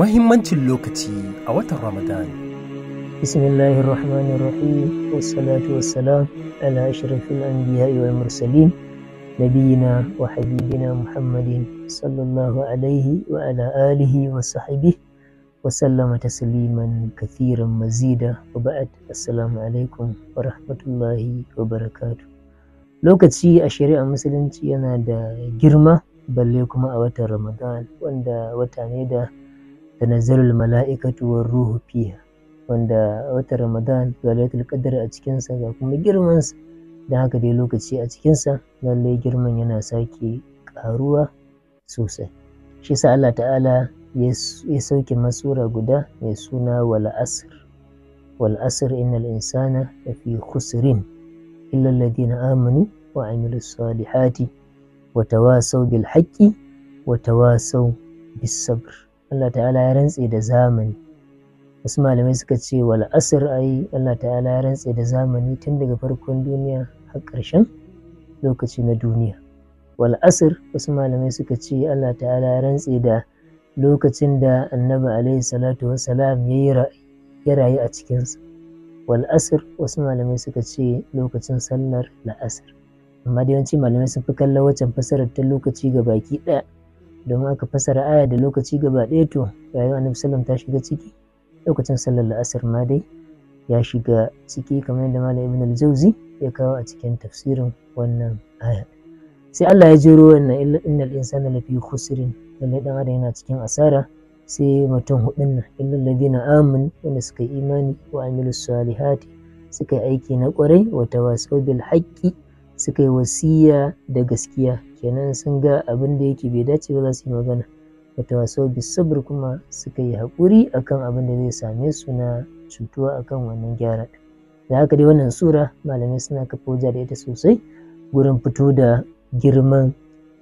Mahimmancin lokaci a watan Ramadan. Bismillahir Rahmanir Rahim wassalatu wassalam ala ashrafil anbiya'i wal mursalin nabiyina wa habibina Muhammadin sallallahu alaihi wa ala alihi wa sahbihi wa sallama tasliman kathiran mazida wa ba'd assalamu alaikum wa rahmatullahi wa barakatuh. Lokaci a shari'ar musulunci yana da girma balle kuma a watan Ramadan wanda wata ne da tanazzalul mala'ikatu war ruhu fiha wanda wata Ramadan ga Lailatul Qadr a cikin sa ga kuma girman sa dan haka dai lokaci a cikin sa lalle girman yana sake karuwa sosai shi sa Allah ta'ala ya sauke masura guda mai suna wal asr wal asr innal insana lafi khusrin illa alladhina amanu wa amilus salihati wa tawasaw bil haqqi wa tawasaw bis sabr Allah ta'ala ya rantse da zamani wasu malamai suka ce wal asr ai Allah ta'ala ya rantse da zamani tun daga farkon duniya har ƙarshen lokaci na duniya wal asr wasu malamai suka ce Allah ta'ala ya rantse da lokacin da annabi alaihi salatu wassalam ya ya rayu a cikinsa wal asr wasu malamai suka ce lokacin sallar la'asir. amma da yawanci malamai sun fi kallon waccan fasarar ta lokaci ga baki ɗaya don aka fasa aya da lokaci gaba ɗaya to rayuwa annabi sallam ta shiga ciki lokacin sallar la'asar ma dai ya shiga ciki kamar yadda malam ibn al ya kawo a cikin tafsirin wannan aya sai Allah ya jero wannan innal insana lafi khusrin lalle dan adam yana cikin asara sai mutum hudun nan illal ladina amanu wanda suka imani wa amilus salihati suka yi aiki na kwarai wa tawasau bil haqqi suka yi wasiya da gaskiya kenan sun ga abin da yake bai dace ba za su yi magana tawasau bi bisabir kuma suka yi haƙuri akan abin da zai same su na cutuwa akan wannan gyara da haka dai wannan sura malamai suna kafa wajen da ita sosai gurin fito da girman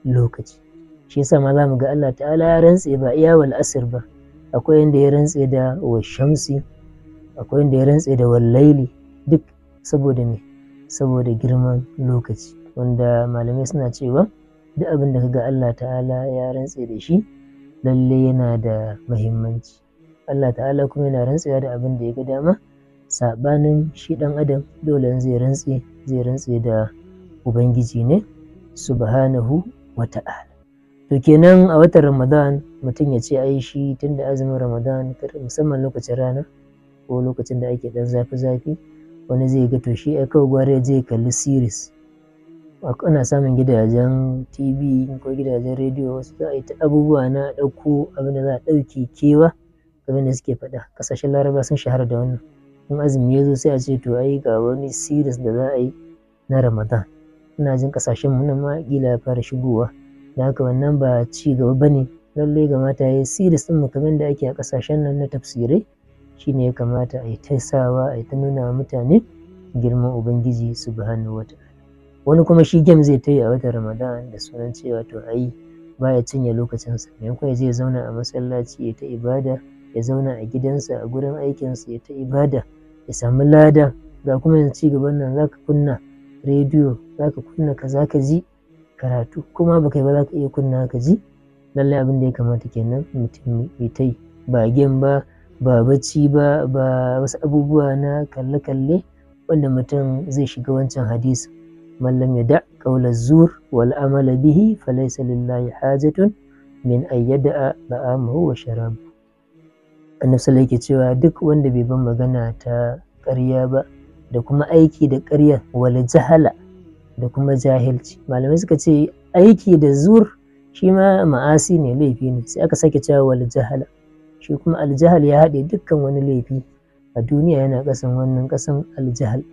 lokaci shi yasa ma za mu ga Allah ta'ala ya rantse ba iya wal asir ba akwai inda ya rantse da wa shamsi akwai inda ya rantse da wal laili duk saboda me saboda girman lokaci wanda malamai suna cewa duk abin da kaga Allah ta'ala ya rantse da shi lalle yana da mahimmanci Allah ta'ala kuma yana rantsewa da abin da ya ga dama sabanin shi dan adam dole zai rantse zai rantse da ubangiji ne subhanahu wa ta'ala to kenan a watan ramadan mutum ya ce ai shi tunda azumin ramadan musamman lokacin rana ko lokacin da ake dan zafi zafi wani zai ga to shi ai gware zai kalli series ana samun gidajen tv ko gidajen rediyo wasu za a yi ta abubuwa na ɗauko abin za a ɗauke kewa abin da suke faɗa ƙasashen laraba sun shahara da wannan in azumi ya zo sai a ce to ai ga wani series da za a yi na ramadan ina jin ƙasashen mu nan ma kila ya fara shigowa da haka wannan ba ci gaba bane lallai ga mata ya yi series ɗin mu kamar da ake a ƙasashen nan na tafsirai shi ne ya kamata a yi ta sawa a yi ta nuna wa mutane girman ubangiji su subhanahu hannu wata wani kuma shi gem zai ta yi a watan ramadan da sunan cewa to ai ya cinye lokacinsa maimakon ya zai zauna a masallaci ya ta ibada ya zauna a gidansa a gurin aikinsa ya ta ibada ya samu lada ga kuma yanzu ci gaban nan ka kunna rediyo za ka kunna ka za ka ji karatu kuma ba kai ba zaka iya kunna ka ji lallai abin da ya kamata kenan mutum ya ta yi ba gem ba ba bacci ba ba wasu abubuwa na kalle-kalle wanda mutum zai shiga wancan hadisi mallam ya da kaula zur wal amala bihi falaysa lillahi hajatun min ayyada ba'amahu wa sharab annabi sallallahu yake cewa duk wanda bai ban magana ta ƙarya ba da kuma aiki da ƙarya wal jahala da kuma jahilci malamai suka ce aiki da zur shi ma ma'asi ne laifi ne sai aka sake cewa wal jahala shi kuma aljahal ya haɗe dukkan wani laifi a duniya yana ƙasan wannan ƙasan aljahal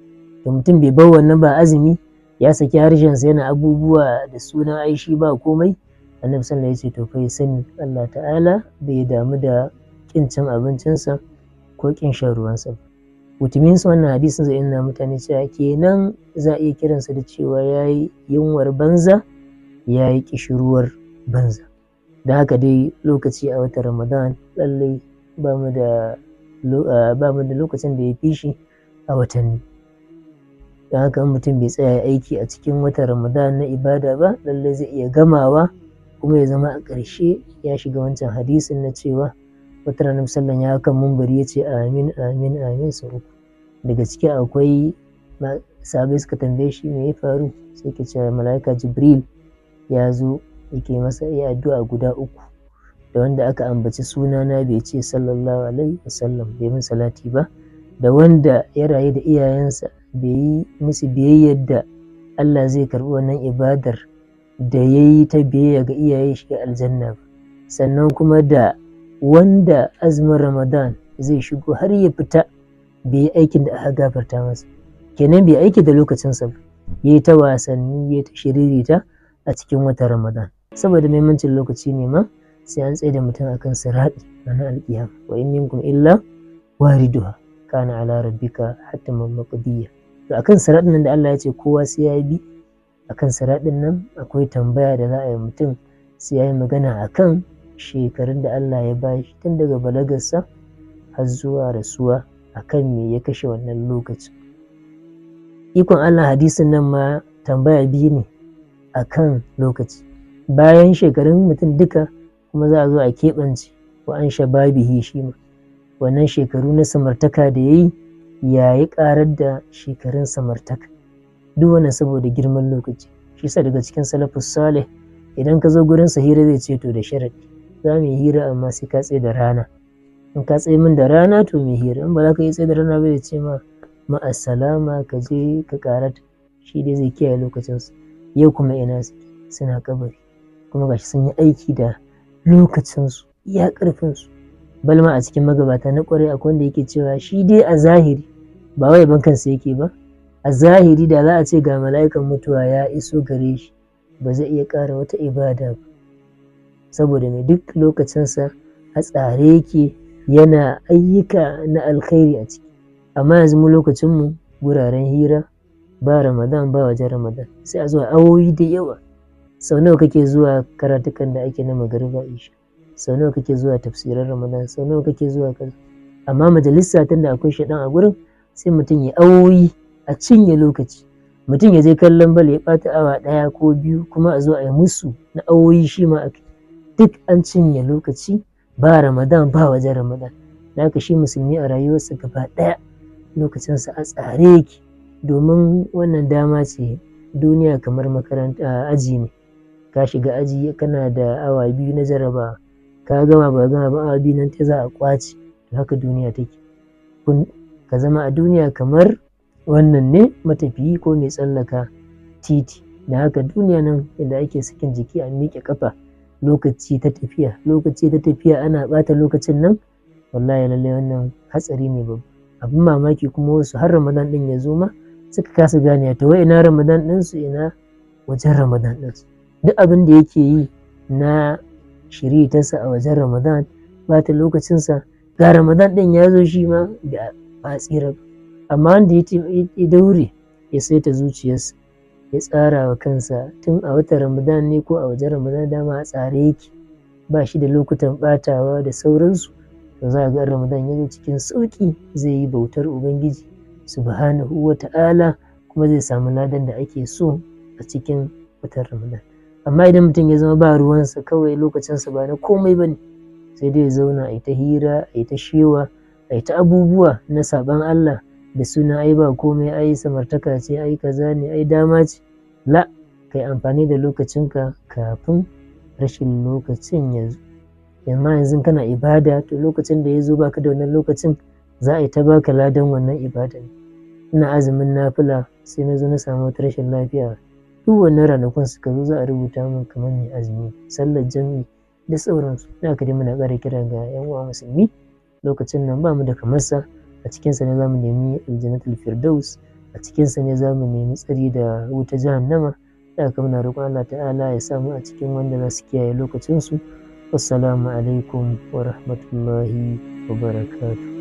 da mutum bai bar wannan ba azumi ya saki harshensa yana abubuwa da sunan aishi ba komai annabi sallallahu ya ce to kai sani Allah ta'ala bai damu da kin cin abincinsa ko kin shan ruwansa mutumin su wannan hadisin zai ina mutane cewa kenan za a iya kiransa da cewa yayi yunwar banza yayi kishiruwar banza da haka dai lokaci a watan ramadan lallai ba mu da lokacin da ya fi shi a watanni don haka mutum bai tsaya aiki a cikin watan ramadan na ibada ba lallai zai iya gamawa kuma ya zama a ƙarshe ya shiga wancan hadisin na cewa wata ranar sallan ya kan mumbari ya ce amin amin amin sau uku daga ciki akwai sabai suka tambaye shi me ya faru sai ke cewa mala'ika jibril ya zo yake masa yi addu'a guda uku da wanda aka ambaci sunana bai ce sallallahu alaihi wasallam bai min salati ba da wanda ya rayu da iyayensa bai yi musu biyayyar da Allah zai karɓi wannan ibadar da ya yi ta biyayya ga iyaye shiga aljanna ba sannan kuma da wanda azumin ramadan zai shigo har ya fita bai yi aikin da aka gafarta masa kenan bai aiki da lokacinsa ba ya yi ta wasanni ya ta shiririta a cikin watan ramadan saboda muhimmancin lokaci ne ma sai an tsaye da mutum akan sirati nan alkiya wa in minkum illa wariduha kana ala rabbika hatta maqdiya to akan siratin nan da Allah ya ce kowa sai ya bi akan siratin nan akwai tambaya da za a yi mutum sai ya yi magana akan shekarun da Allah ya ba shi tun daga balagarsa har zuwa rasuwa akan me ya kashe wannan lokacin ikon Allah hadisin nan ma tambaya biyu ne akan lokaci bayan shekarun mutum duka kuma za a zo a keɓance wa an shababihi shi ma wannan shekaru na samartaka da ya yi ya yi karar da shekarun samartaka duk wannan saboda girman lokaci shi sa daga cikin salafus salih idan ka zo gurin sa hira zai ce to da sharadi za mu yi hira amma sai ka tsaye da rana in ka tsaye min da rana to mu hira in ba za ka yi tsaye da rana ba zai ce ma ma assalama ka je ka karata shi dai zai kiyaye lokacinsa yau kuma ina suna kabari kuma gashi sun yi aiki da lokacinsu iya ƙarfinsu balma a cikin magabata na ƙwarai akwai wanda yake cewa shi dai a zahiri ba wai ban kansa yake ba a zahiri da za a ce ga mala'ikan mutuwa ya iso gare shi ba zai iya ƙara wata ibada ba saboda mai duk lokacinsa a tsare yake yana ayyuka na alkhairi a ciki amma yanzu mu lokacinmu guraren hira ba ramadan ba wajen ramadan sai a zuwa awoyi da yawa sau nawa kake zuwa karatukan da ake na magariba isha sau nawa kake zuwa tafsirar ramadan sau nawa kake zuwa kan amma majalisa da akwai shaɗan a gurin sai mutum ya awoyi a cinye lokaci mutum ya je kallon bal ya ɓata awa ɗaya ko biyu kuma a zo a yi musu na awoyi shi ma a duk an cinye lokaci ba ramadan ba wajen ramadan da aka shi musulmi a rayuwarsa gaba ɗaya lokacinsa a tsare yake domin wannan dama ce duniya kamar makaranta aji ne ka shiga aji kana da awa biyu na jaraba ka gama ba gama ba awa biyu nan ta za a kwace to haka duniya take kun ka zama a duniya kamar wannan ne matafiyi ko mai tsallaka titi da haka duniya nan inda ake sakin jiki a miƙe kafa lokaci ta tafiya lokaci ta tafiya ana bata lokacin nan wallahi lallai wannan hatsari ne babu abin mamaki kuma wasu har ramadan din ya zo ma suka kasa gane ta wai ina ramadan din su ina wajen ramadan din su. duk abin da yake yi na shiritarsa a wajen ramadan ba ta lokacinsa ga ramadan ɗin ya zo shi ma da a tsira amma wanda ya daure ya saita zuciyarsa ya tsara wa kansa tun a watan ramadan ne ko a wajen ramadan dama a tsare yake ba shi da lokutan ɓatawa da sauransu to za a ga ramadan zo cikin sauƙi zai yi bautar ubangiji subhanahu wa ta'ala kuma zai samu ladan da ake so a cikin watan ramadan amma idan mutum ya zama ba ruwansa kawai lokacin sa ba na komai ba ne sai dai ya zauna a yi ta hira a yi ta shewa a yi ta abubuwa na saban Allah da suna ai ba komai ai samartaka ce ai kaza ne ai dama ce la kai amfani da lokacinka kafin rashin lokacin ya zo amma yanzu kana ibada to lokacin da ya zo baka da wannan lokacin za a yi ta baka ladan wannan ibada. ina azumin nafila sai na zo na samu wata rashin lafiya duk wannan ranakun suka zo za a rubuta mun kamar mai azumi sallar jami'i da sauransu da aka dai muna ƙara kira ga yan uwa musulmi lokacin nan ba mu da kamar sa a cikin sa ne za mu nemi aljannatul firdaus a cikin sa ne za mu nemi tsari da wuta jahannama da aka muna roƙon Allah ta'ala ya samu a cikin wanda za su kiyaye lokacin su wassalamu alaikum wa rahmatullahi wa barakatuh